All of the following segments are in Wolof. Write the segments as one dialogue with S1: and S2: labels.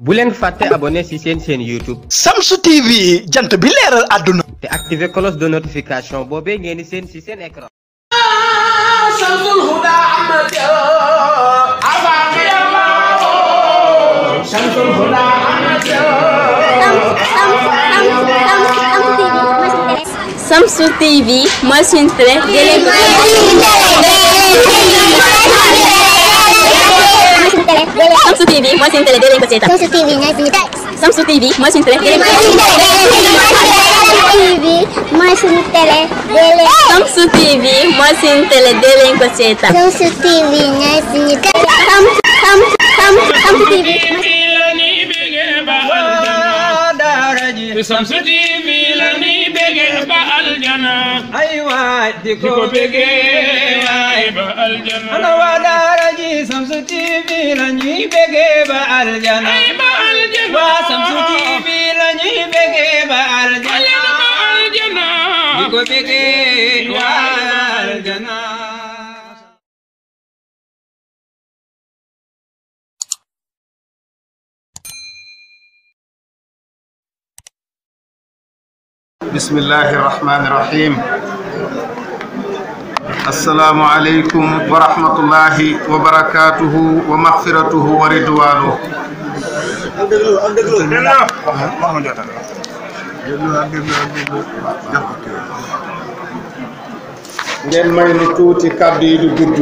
S1: Boulen Faté abonné si c'est une chaîne YouTube. Samsu TV, j'ai un peu aduna. Et activez la cloche de notification. Pour bien gagner ni c'est une chaîne écran. Samsu TV, moi je suis une très. Samsu TV, moi je suis une très. mooy suñu télé. Samsu TV mooy suñu télé dee leen ko seetaan. Samsu TV mooy suñu télé. Samsu aljana ay waay di ko bégee waay
S2: ba aljana ana
S1: waa daara ji Shamsu TV la ñuy bégee ba aljana ay ba aljana waa Shamsu TV la ñuy bégee ba aljana di ko bégee waay
S2: بسم الله الرحمن الرحيم السلام عليكم
S1: ورحمة الله وبركاته ومغفرته ورضوانه ngeen may nu tuuti kàddu yi du gudd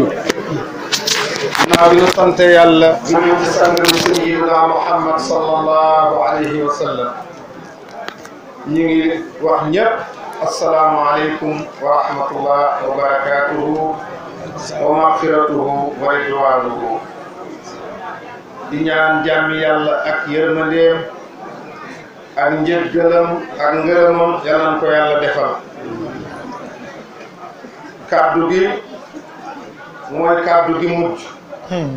S1: naaw ñu sante yàlla ñu ngi sang sayyidina muhammad sallallahu alayhi wa sallam ñi ngi wax ñëpp asalaamualeykum wa rahmatullah wa barakatuhu wa magfiratuhu wa ridwanuhu di ñaan jàmmi yàlla ak yërmandeem ak njëggalam ak ngërëmam yal nañ ko yàlla defal kàddu gi mooy kàddu gi mujj hmm.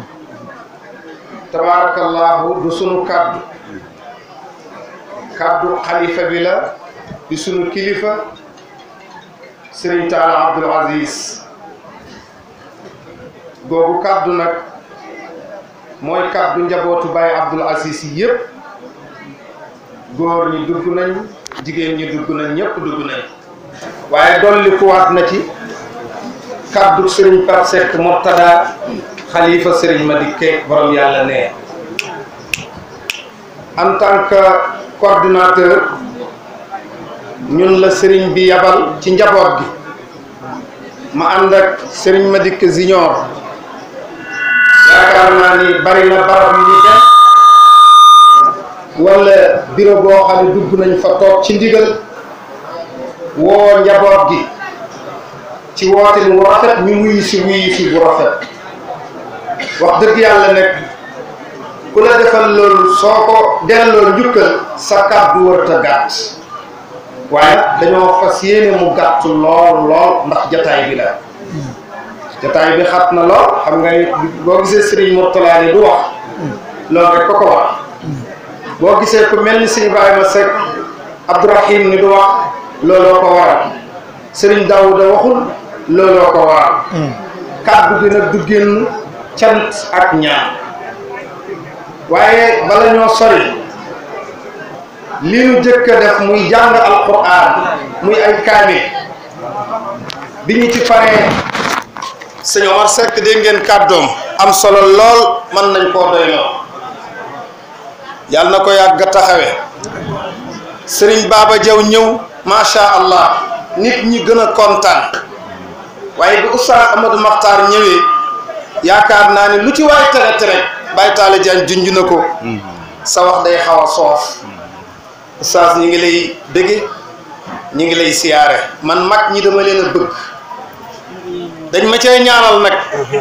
S1: tabarakallahu du sunu kàddu kaddu khalifa bi la di sunu kilifa serigne taala abdul aziz gogu kaddu nak moy kaddu njabootu baye abdul aziz yi gor ni ñi dugg nañ jigéen ñi dugg nañ ñep dugg nañ doli ku wat na ci kaddu serigne par Seck Murtada khalifa serigne madike borom yalla ne en tant que coordinateur ñun la sëriñ bi yabal ci njaboot gi ma am ak sëriñ Madick Junior yaakaar naa ni bari na barab yu ñu dem wala bureau boo xam ne dugg nañu fa toog ci ndigal woo njaboot gi ci woote wu rafet ñu wuyu si wuyu si bu rafet wax dëgg yàlla nekk ku la defal loolu soo ko delloo njukkal sa kàddu warut gàtt waaye dañoo fas yéene mu gàtt lool lool ndax jataay bi la jataay bi xat na lool xam nga boo gisee Serigne Mourtala ni du wax loolu rek ko ko wax boo gisee ku mel ni Serigne Ibrahima Seck Abdourahim ni du wax looloo ko waral Serigne Daouda waxul looloo ko waral hmm. kàddu gi nag du génn cant ak ñaan waaye bala ñoo sori li ñu jëkk def muy jàng alquran muy ay kaamil bi ñu ci paree sëñ Omar Seck dégg ngeen kàddoom am solo lool mën nañ koo doy lool yàlla na ko yàgg taxawee sëriñ Baba Jaw ñëw macha allah nit ñi gën a kontaan waaye bi Oustaz Amadou Makhtar ñëwee yaakaar naa ne lu ci waay tere tere Baye Talla Diagne junj na ko. sa wax day xaw a soof. oustaz ngi lay bëgge ñu ngi lay siyaare. man mag ñi dama leen a bëgg. dañ ma cee ñaanal nag.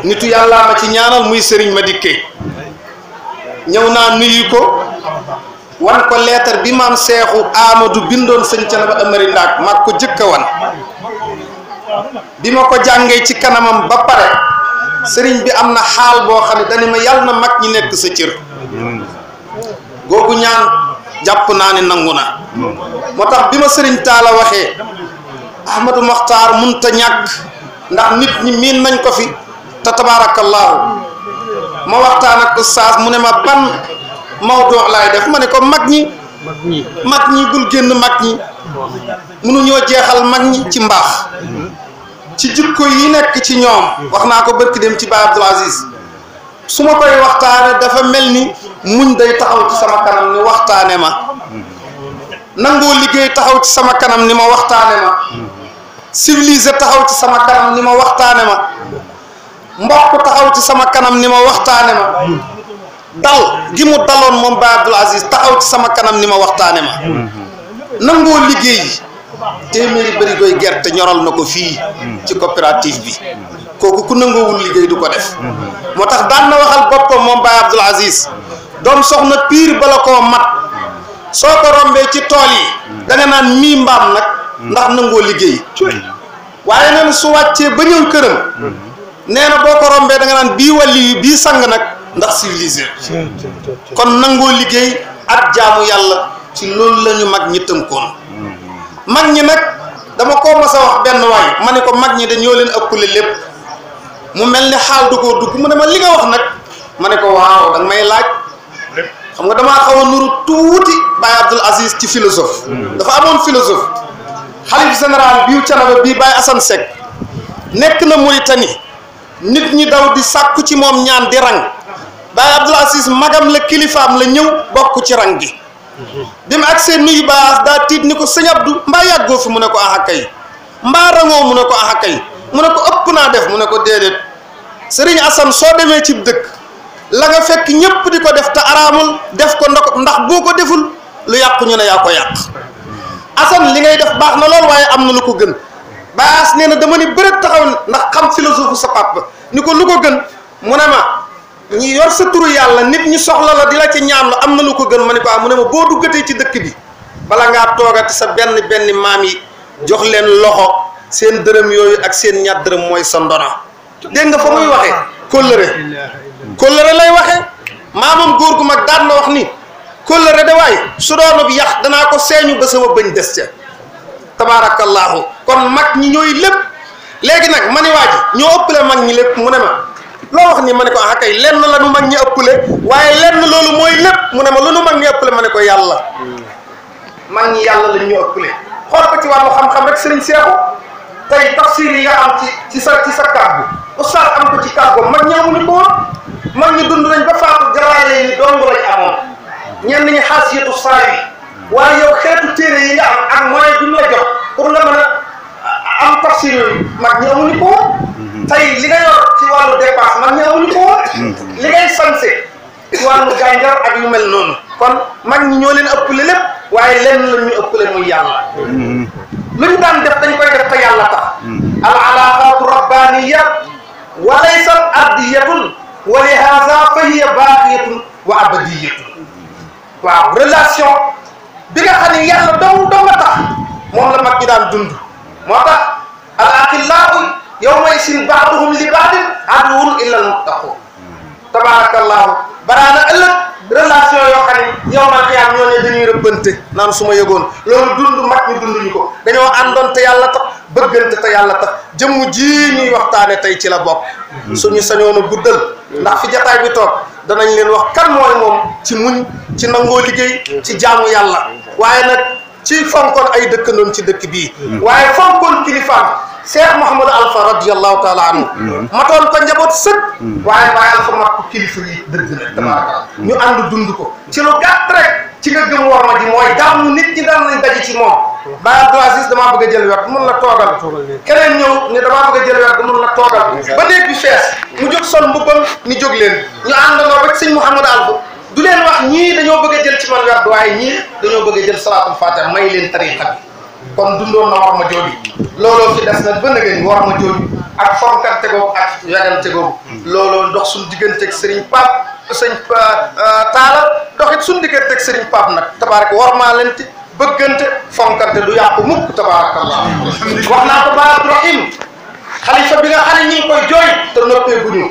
S1: nitu yàllaa ma ci ñaanal muy sëriñ ma dikkee. ñëw naa nuyu ko. wan ko leetar bi maam seexu Amadou bindoon sëñ Canaba Amari Ndaak mag ko jëkka wan. bi ma ko jàngee ci kanamam ba pare. sëriñ bi am na xaal boo xam ne dani ma yàlla na mag ñi nekk sa cër googu ñaan jàpp naa ne nangu na moo tax bi ma sëriñ taala waxee ahmadou maxtaar munta ñàkk ndax nit ñi miin nañ ko fi te tabaarakallaahu ma waxtaan ak ustaas mu ne ma ban mawdoox laay def ma ne ko mag ñi mag ñi bul génn mag ñi mënuñoo jeexal mag ñi ci mbaax ci jikko yi nekk ci ñoom wax naa ko bërki dem ci Baye Abdoul Aziz su ma koy waxtaanee dafa mel ni muñ day taxaw ci sama kanam ni waxtaane ma liggéey taxaw ci sama kanam ni ma waxtaane ma civilisé taxaw ci sama kanam ni ma waxtaane ma mbokk taxaw ci sama kanam ni ma waxtaane ma dal gi mu daloon moom Baye Abdoul Aziz taxaw ci sama kanam ni ma waxtaane ma nangoo liggéey téeméeri bari koy gerte ñoral nako fi ci coopérative bi koku ku nangawul liggéey du ko def motax daan na waxal mom bay Aziz dom soxna pire bala mat soko rombé ci tol yi da nga nan mi mbam nak ndax nangoo liggéey waye neen su waccé ba ñew kërëm néna boko rombé da nga nan bi wali bi sang nak ndax civilisé kon nangoo liggéey ak jaamu yalla ci loolu lañu mag ñi ko mag ñi nag dama koo mas a wax benn waay ma ne ko mag ñi dañoo leen ëppale lépp mu mel ni xaal du dugg mu ne ma li nga wax nag ma ne ko waaw danga may laaj xam nga damaa xaw a nuru tuuti Baye Abdoul Aziz ci philosophe hmm. dafa amoon philosophe xalif général biu canaba bii Baye Assane Seck nekk na Mauritanie nit ñi daw di sàkku ci moom ñaan di rang Baye Abdoul Aziz magam la kilifaam la ñëw bokk ci rang gi bi mu seen nuyu baax daa tiit ni ko sëñ Abdou mbaa yàggoo fi mu ne ko ax akay mbaa rangoo mu ne ko ax mu ne ko ëpp naa def mu ne ko déedéet sëriñ Assane soo demee cib dëkk la nga fekk ñëpp di ko def te araamul def ko ndox ndax boo ko deful lu yàqu ñu ne yaa ko yàq Assane li ngay def baax na lool waaye am na lu ko gën baas nee na dama ni bëreet taxaw ndax xam philosophe sa papa ni ko lu ko gën mu ne ma ñi yor sa turu yàlla nit ñi soxla la di la ci ñaan am na lu ko gën ma ni ko ah, mu ne ma boo duggatee ci dëkk bi bala ngaa toogati sa benn benn maam yi jox leen loxo seen dërëm yooyu ak seen ñaar dërëm mooy sa ndono dégg nga fa muy waxee
S2: kóllëre kóllëre
S1: lay waxee maamam góor gu mag daan na wax ni kóllëre de waay su doonub yax danaa ko seeñu ba sama bëñ des ca tabaarakallaahu kon mag ñi ñooy lépp léegi nag ma ni waa ji ñoo ëppale mag ñi lépp mu ne ma loo wax ni ma ne ko ah kay lenn la nu mag ñi ëppale waaye lenn loolu mooy lépp mu ne ma lu nu mag ñi ëppale ma ne ko yàlla hmm. mag ñi yàlla lañ ñu ëppale xool ko ci wàllu xam-xam rek sëriñ seexu tey tafsir yi nga am ci ci sa ci sa kàddu oustaz am ko ci kàddu mag ñi amuñu ko mag ñi dund lañ amoon ñenn ñi xaasiyatu saa yi waaye yow xeetu téere yi nga am ak moyen bi ñu la jox a am tafsir yooyu mag ñi ko tey li nga yor ci wàllu dépense man ñëwuñu ko woon. Mm-hmm. li ngay sanse ci wàllu gànjar ak yu mel noonu. kon mag ñi ñoo leen ëppale lépp waaye lenn la ñu ëppale muy yàlla. Mm-hmm. lu ñu daan def dañ koy def te yàlla tax. Mm-hmm. al alaaqaatu rabbaaniya wa laysat ardiyatun wa lihaza fa hiya baaqiyatun wa abadiyatun waaw relation bi nga xam ne yàlla dong dong nga tax moom la mag ñi daan dund moo tax al aqillaau yow may sin baaduhum li baadin aduwun illal muttaqun tabarakallahu baraana ëllëg relation yoo xam ne yow mal xiyaam ñoo ne dañuy rëbbante naan su ma yëgoon loolu dund mag ñu dunduñu ko dañoo andoon te yàlla tax bëggante te yàlla tax jëmm ji ñuy waxtaane tey ci la bopp suñu sañoon a guddal ndax fi bi toog danañ leen wax kan mooy moom ci muñ ci nangoo liggéey ci jaamu yàlla waaye nag ci fonkoon ay dëkk dëkkandoom ci dëkk bii waaye fonkoon kilifaam Cheikh Mouhamadou Alpha radiyallahu taala anhu matoon ko njaboot sëkk waaye bàyyi Alpha mat ko kilifa yi dëgg la tabaaraka ñu ànd dund ko ci lu gàtt rek ci nga gëm war ma ji mooy daaw nit ñi daan nañ daje ci moom Baye Abdou Aziz damaa bëgg a jël wet mun la toogal keneen ñëw ne damaa bëgg a jël wet mun la toogal ba néeg bi fees mu jóg sol mbubbam ni jóg leen ñu àndandoo rek sëñ Mouhamadou Alpha du leen wax ñi dañoo bëgg jël ci man werd waaye ñi dañoo bëgg jël salatu fatiha may leen tariqa kan. kon dundoon na war ma joobi lolo fi dess na bëna gën war ma joobi ak kan te gog ak yagal yagante googu looloo dox digënté ak serigne pap pa eh, eh, taala doxit digënté ak serigne pap nak tabarak war ma ti maa lente bëggante te du yaq mukk tabarakallah wax naa ko ba abdourahim xalifa bi nga xam ñi koy jooy te noppé guñu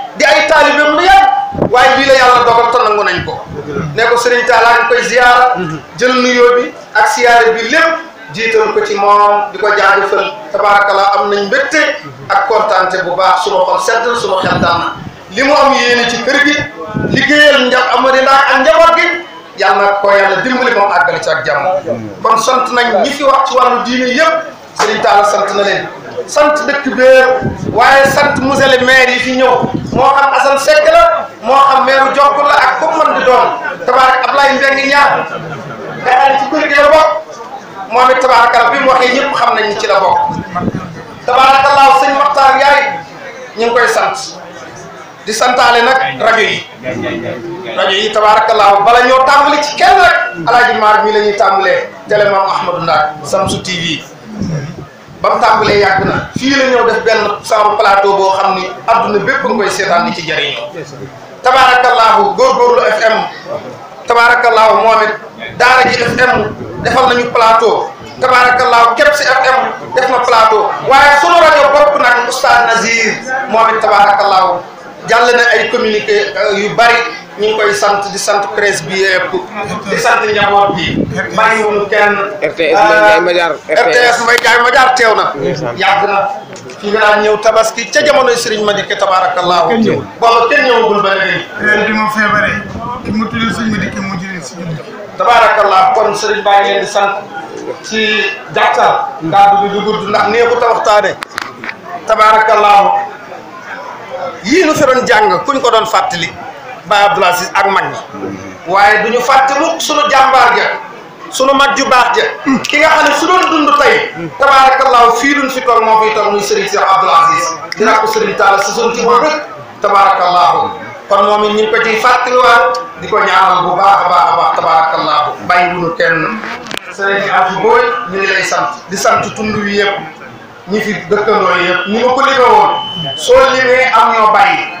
S1: di ay taalibeem lu yàgg waaye lii la yàlla dogal nangu nañ ko ne ko sëriñ Talla ñu koy ziyaara jël nuyoo bi ak siyaare bi lépp jiital ko ci moom di ko jaajëfal tabaarakala am nañ mbégte ak kontaante bu baax suma xol sedd na suma xel daan na li mu am yéene ci kër gi liggéeyal nja amari ndax ak njaboot gi yàlla na ko yàlla dimbali moom àggale ci ak kon sant nañ ñi fi wax ci wàllu diine yëpp Serigne Talla sant na leen sant dëkk bépp waaye sant monsieur le yi fi ñëw moo xam Assane Seck la moo xam maire Jokkul la ak comme man di doon tabarak Ablaye ñaar nga xam ne ci kuréel gi la bokk moom it tabarakal bi mu waxee ñëpp xam nañ ni ci la bokk Maxtaar Yaay ñu ngi sant di santaale nag rajo yi rajo yi tabarakallaahu bala ñoo tàmbali ci kenn rek maar mii la ñuy tàmbalee télé Maam Ahmadou Ndaak Samsu TV ba mu tàmbalee yàgg na fii la ñëw def benn saaru plateau boo xam ni adduna bépp nga koy seetaan di ci jariñoo tabaarakallaahu góorgóorlu fm tabaarakallaahu moom it daara ji fm defal nañu plateau tabaarakallaahu képp si fm def na plateau waaye sunu rajo nag oustaz Nazir moom tabaarakallaahu jàll na ay communiqué euh, yu bari ñu ngi koy sant di sant presse bi yëpp di sant njaboot bi bàyyiwul kenn
S2: RTS Mbaye Ndiaye Madiar ah, RTS Mbaye
S1: Ndiaye Madiar teew na yàgg na fi nga daan ñëw tabaski ca jamonoy Serigne Madické tabaarakallaahu booba kenn ñëwagul ba léegi ren bi ma feebaree ki mu tudd Serigne Madické mu jëlee si ñun tabaarakallah kon Serigne baa ngi leen di sant ci jàttal ndaa du gudd ndax nee ko tawaxtaane tabaarakallahu yii nu fi doon jàng kuñ ko doon fàttali ba Abdoul Aziz ak mag ñi waaye duñu fàtte mukk sunu jàmbaar ja sunu mag ju baax ja ki nga xamne suñu su doon dund tey tabaarakallaahu fii fi tok mo fi tok muy Serigne Cheikh Abdoul Aziz dina ko Serigne taala si suñu ci moom tabarakallah kon momi it ñu ngi ko ciy fàttaliwaat di ñaanal bu baax baax baax tabarakallah bàyyi wuñu kenn Serigne Abdou Boy ñu lay sant di sant tundu wi yëpp ñi fi dëkkandoo yëpp ñi mako ko so limé am ñoo bayyi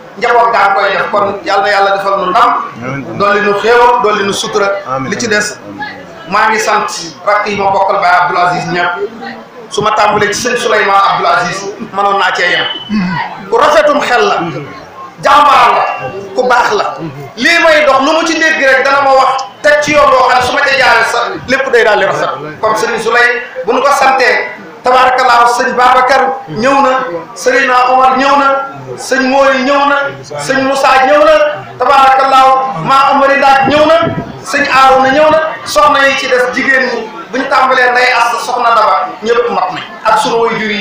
S1: njaboot gaa koy def kon yàlla yàlla defal nu ndam dolli nu xéewal dolli nu sutura li ci des maa sant rakk yi ma bokkal Baye Abdoul Aziz ñëpp su ma tàmbalee ci sëñ Souleymane Abdoul Aziz mënoon naa cee yem ku rafetum xel la jàmbaar la ku baax la lii may dox nu mu ci dégg rek dana ma wax teg ci yoon boo xam ne su ma ca jaaree sax lépp day daal di rafet comme sëriñ Souley bu nu ko santee tabaar allah sëñ Babacar ñëw na Serigne Omar ñëw na sëñ Mori ñëw na sëñ Moussa ñëw na tabarakallah maa Amari Ndaak ñëw na sëñ Arouna ñëw na soxna yi ci des jigéen ñi bu ñu tàmbalee nday as soxna daba ñëpp mat nañ ak sunu way jur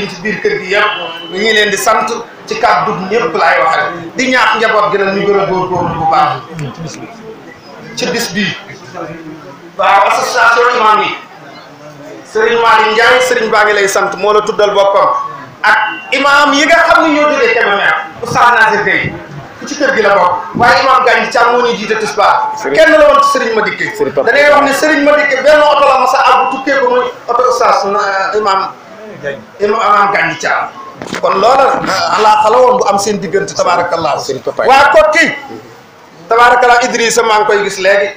S1: kër gi yëpp ñu ngi leen di sant ci kàddu ñëpp laay waxal di ñaax njaboot gi nag ñu gën a góorgóorlu bu baax ci bis bii waaw association imam yi Serigne Malick Ndiaye Serigne baa ngi lay sant moo la tuddal boppam ak imaam yi nga xam ne ñoo jógee Kébémer Oustaz Nasir Gueye ci kër gi la bokk waaye imaam gaañ càm moo ñuy jiite tisbaar kenn la woon ci Serigne Madické da ngay wax ne Serigne benn oto la masa abbu tukkee ko muy oto Oustaz euh, imaam imaam gaañ càm kon loola euh, alaa xala woon bu am seen diggante tabaarakallah waa Kotti tabaarakallah Idrissa maa ngi gis léegi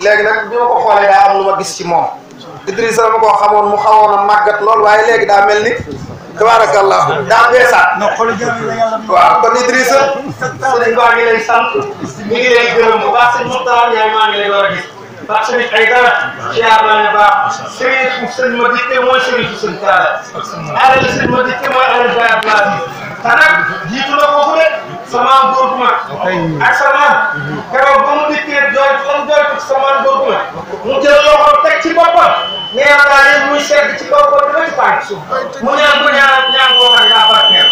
S1: léegi nag bi ma ko xoolee daa am lu ma gis ci moom Idrissa dama koo xamoon mu xawoon a màggat lool waaye léegi daa mel ni tabaarakallah daa beesaat waaw kon Idrissa sëriñ baa ngi lay sant ñu ngi lay gërëm bu baax sëñ Moxtaar yaay maa ngi lay war a gis baax sëriñ ay dara siyaar naa ne baax sëriñ fu sëñ ma dikke mooy sëriñ fu sëñ taala alal sëñ ma dikke mooy alal bayat laa bi te nag jiitu la ko de sama góor bu mag ak sama keroog ba mu dikkee jooy lan jooy sama góor bu mag mu jël loxo teg ci boppam nee na daal yéen muy sedd ci kaw ba ba ci baax suuf mu ñaan ko ñaan ñaan boo xam ne daa barkeel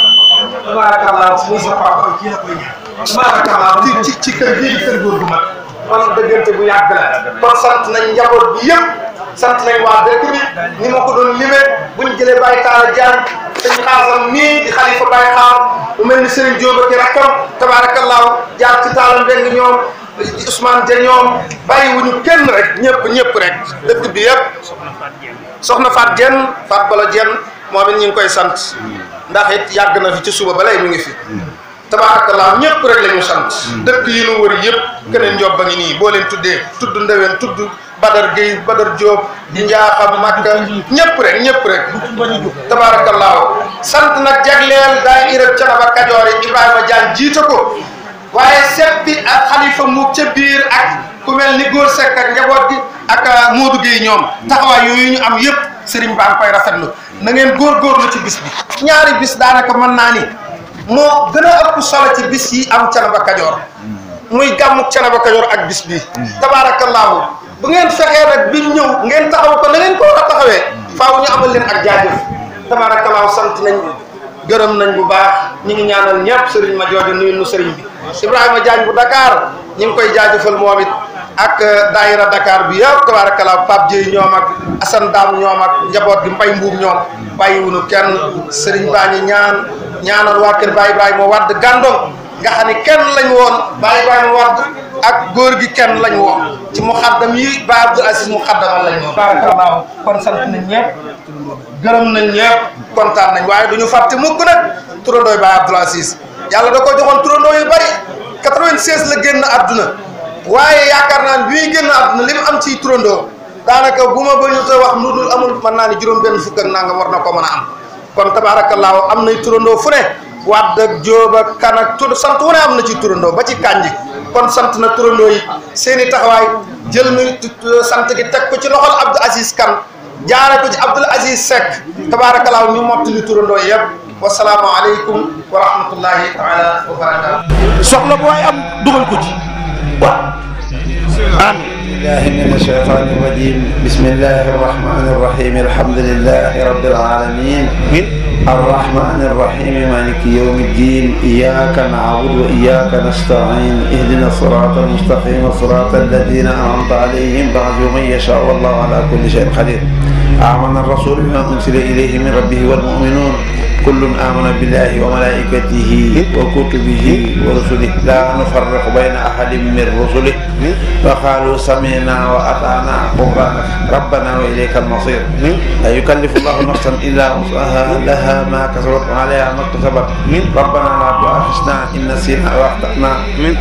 S1: tabaarakallaa muy sa papa kii la koy ñaan tabaarakallaa ci ci ci kër gii di kër góor gu mag kon dëggante bu yàgg la kon sant nañ njaboot bi yëpp sant nañ waa dëkk bi ni ma ko doon limee buñ jëlee Baye Talla Diagne sëñ xaasam mii di xalifa Baye Xaar mu mel ni Serigne Diop ak rakkam tabaarakallaa jaar ci taalam dégg ñoom Ousmane Dieng ñoom bàyyiwuñu kenn rek ñëpp ñëpp rek dëkk bi yëpp soxna Faat Dieng Faat Bala Dieng moom it ñu ngi koy sant ndax it yàgg na fi ci suba ba lay mu ngi fi tabaarakallaa ñëpp rek la ñu sant dëkk yi ñu wër yëpp keneen njob ba ngi nii boo leen tuddee tudd ndeween tudd Badar Gueye Badar Diop di njaaxam Makka ñëpp rek ñëpp rek tabaarakallaa sant nag jagleel daayira a Kajoor yi Ibrahima Diagne jiite ko waaye seet bi ak xalifa mu ca biir ak ku mel ni góor sekk ak njaboot gi ak uh, moo duggee ñoom taxawaay yooyu ñu am yëpp sëriñ baa ngi koy rafetlu na góor góorgóorlu ci bis bi ñaari bis daanaka mën naa ni moo gën a ëpp solo ci bis yi am Thiénaba Kajoor muy gàmmuk Thiénaba Kajoor ak bis bi tabaarakallaahu bu ngeen fexee nag bi ñëw ngeen taxaw ko na ngeen ko war faaw ñu amal leen ak jaajëf tabaarakallaahu sant nañ gërëm nañ bu baax ñi ngi ñaanal ñëpp sëriñ ma jooju nuyul nu sëriñ bi Ibrahima Diagne bu Dakar ñi ngi koy jaajëfal moom it ak euh, daayira dakaar bi yëpp tabaarakala Pape Dieye ñoom ak Assane Dame ñoom ak njaboot gi Mbay Mbuub ñoom bàyyiwunu kenn sëriñ baa ngi ñaan ñaanal waa kër Baye Ibrahima Wade gàndong nga xam ne kenn lañ woon Baye Ibrahima Wade ak góor gi kenn lañ woon ci muxaddam yi Ba Abdou Aziz muxaddama lañ woon tabaarakala kon sant nañ ñëpp gërëm nañ ñëpp kontaan nañ waaye du ñu fàtte mukk nag turandooy Baye Abdoul Aziz yàlla da ko joxoon turandoo yu bari 96 la génn adduna waaye yaakaar naa ne bi muy génn àdduna li am ciy turandoo daanaka bu ma bañu te wax nu dul amul man naa ne juróom-benn fukk ak nangam war na ko mën a am kon tabaarakallaahu am nay turandoo fu ne wàdd ak jóob ak kan ak tur sant wu am na ci turandoo ba ci kànji kon sant na turandoo yi seen i taxawaay jël mi sant gi teg ko ci loxol Abdou Aziz Kane جارك عبد العزيز سك تبارك الله tabaarakallaahu ñu mottali turandoo yëpp wasalaamu aleykum wa rahmatullahi taala wa barakaatu
S2: soxla bu waay am dugal من الشيطان الرجيم بسم الله الرحمن الرحيم الحمد لله رب العالمين الرحمن الرحيم مالك يوم الدين إياك نعبد وإياك نستعين اهدنا الصراط المستقيم صراط الذين أنعمت عليهم بعد يوم يشاء والله على كل شيء قدير amana rasulu bima unsila ilayhi min rabbihi wal mu'minun كل آمن بالله وملائكته وكتبه ورسله لا نفرق بين أحد من رسله فقالوا سمعنا وأطعنا غفرانك ربنا وإليك المصير لا يكلف الله نفسا إلا وسعها لها ما كسبت عليها ما اكتسبت ربنا لا تؤاخذنا إن نسينا أو أخطأنا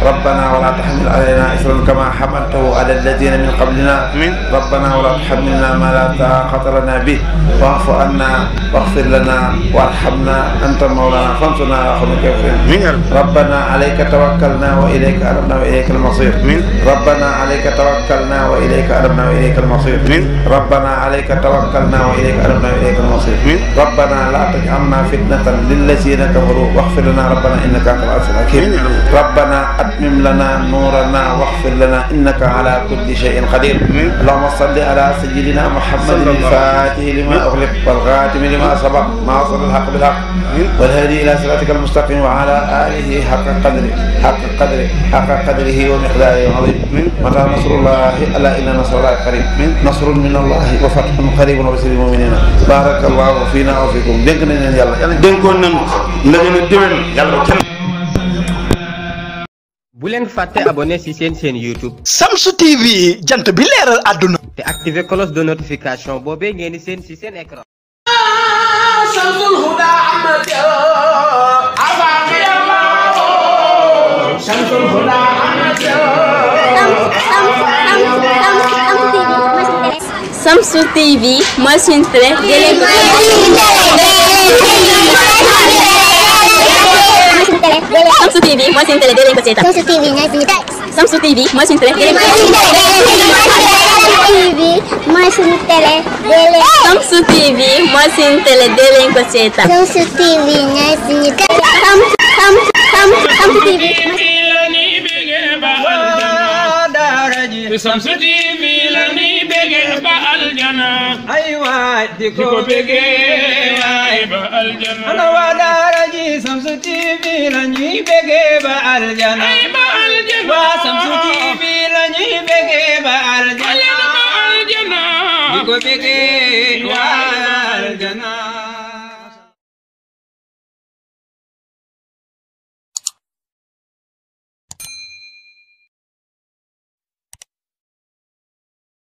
S2: ربنا ولا تحمل علينا إثرا كما حملته على الذين من قبلنا ربنا ولا تحملنا ما لا طاقة لنا به واعف عنا واغفر لنا وارحمنا ظلمنا أنت مولانا فانصرنا على قوم الكافرين ربنا عليك توكلنا وإليك أنبنا وإليك المصير ربنا عليك توكلنا وإليك أنبنا وإليك المصير ربنا عليك توكلنا وإليك أنبنا وإليك المصير ربنا لا تجعلنا فتنة للذين كفروا واغفر لنا ربنا إنك أنت العزيز الحكيم ربنا أتمم لنا نورنا واغفر لنا إنك على كل شيء قدير اللهم صل على سيدنا محمد الفاتح لما أغلق والغاتم لما سبق ناصر الحق بالحق الحق والهدي إلى صراطك المستقيم وعلى آله حق قدره حق قدره حق قدره ومقداره العظيم متى نصر الله ألا إن نصر الله قريب نصر من الله وفتح قريب وبشر المؤمنين بارك الله فينا وفيكم دنكنا يلا يلا دنكون نين نغنا يلا
S1: bu leen fàtte abonné ci seen seen YouTube samsu TV jant bi leeral àdduna te activé cloche de notification boobee ngeen di seen ci seen écran Samsu TV, mooy suñu télé Samsu TV, mooy suñu Samsu TV mooy suñu télé. mooy suñu télé. Samsu TV mooy suñu télé dee leen ko seetaan. Samsu TV ñooy suñu télé. Samsu Samsu Samsu Samsu TV. Samsu TV la ñuy bëgg ba aljana. waay di ko bëggee waay
S2: ba aljana ana
S1: waa daara ji Shamsu TV la ñuy bëggee ba aljana waa Shamsu TV la ñuy
S2: bëggee ba aljana di ko bëggee waay